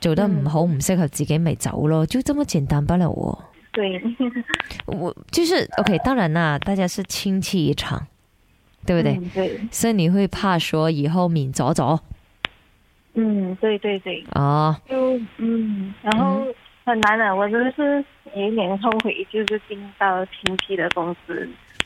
做得唔好唔適合自己咪走咯，就這麼簡單不了。對， 我就是 OK。當然啦，大家是親戚一場，對不對？嗯、對。所以你會怕說以後面咗走，走嗯，對對對。哦、啊。嗯，然後、嗯、很難的、啊、我真是有一點後悔，就是進到親戚的公司。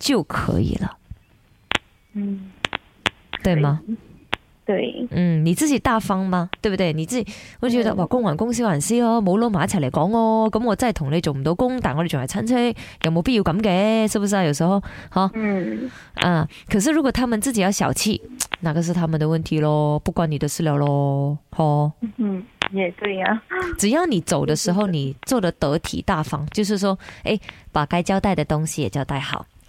就可以了，嗯，對嗎？對，嗯，你自己大方嗎？對不對？你自己，我覺得、嗯、哇，公還公，私還私哦，冇撈埋一齊嚟講哦。咁我真係同你做唔到工，但我哋仲係親戚，有冇必要咁嘅，是不是啊？有時候哈，嗯，啊、嗯，可是如果他們自己要小氣，哪、那個是他們的問題咯。不關你的事了咯，吼。嗯，也對呀、啊。只要你走的時候，你做得得體大方，就是說，哎，把該交代的東西也交代好。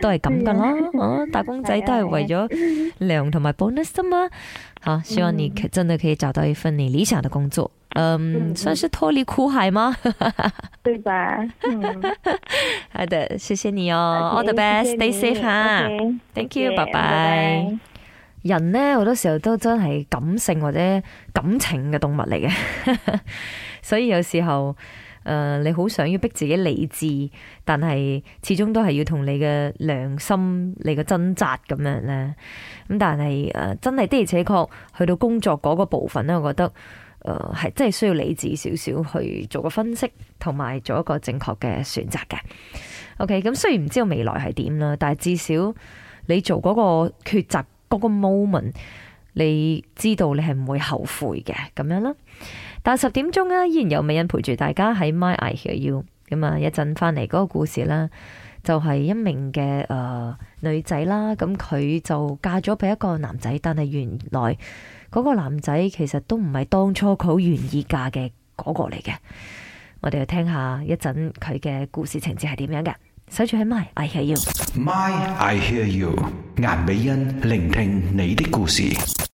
都係咁噶啦，打工仔都係為咗糧同埋 bonus 吖嘛。好，希望你真係可以找到一份你理想嘅工作，嗯，算是脫離苦海嗎？對吧？好的，謝謝你哦，All the best，Stay safe，Thank you，拜拜。人呢，好多時候都真係感性或者感情嘅動物嚟嘅，所以有時候。誒，uh, 你好想要逼自己理智，但係始終都係要同你嘅良心、你嘅掙扎咁樣咧。咁但係誒、啊，真係的而且確去到工作嗰個部分咧，我覺得誒係、啊、真係需要理智少少去做個分析，同埋做一個正確嘅選擇嘅。OK，咁雖然唔知道未來係點啦，但係至少你做嗰個抉擇嗰個 moment，你知道你係唔會後悔嘅，咁樣啦。但十點鐘呢、啊，依然有美欣陪住大家喺 My I Hear You 咁啊！一陣翻嚟嗰個故事啦，就係、是、一名嘅誒、呃、女仔啦，咁佢就嫁咗俾一個男仔，但係原來嗰個男仔其實都唔係當初佢好願意嫁嘅嗰個嚟嘅。我哋去聽下一陣佢嘅故事情節係點樣嘅，守住喺 My I Hear You，My I Hear You，顏美欣聆聽你的故事。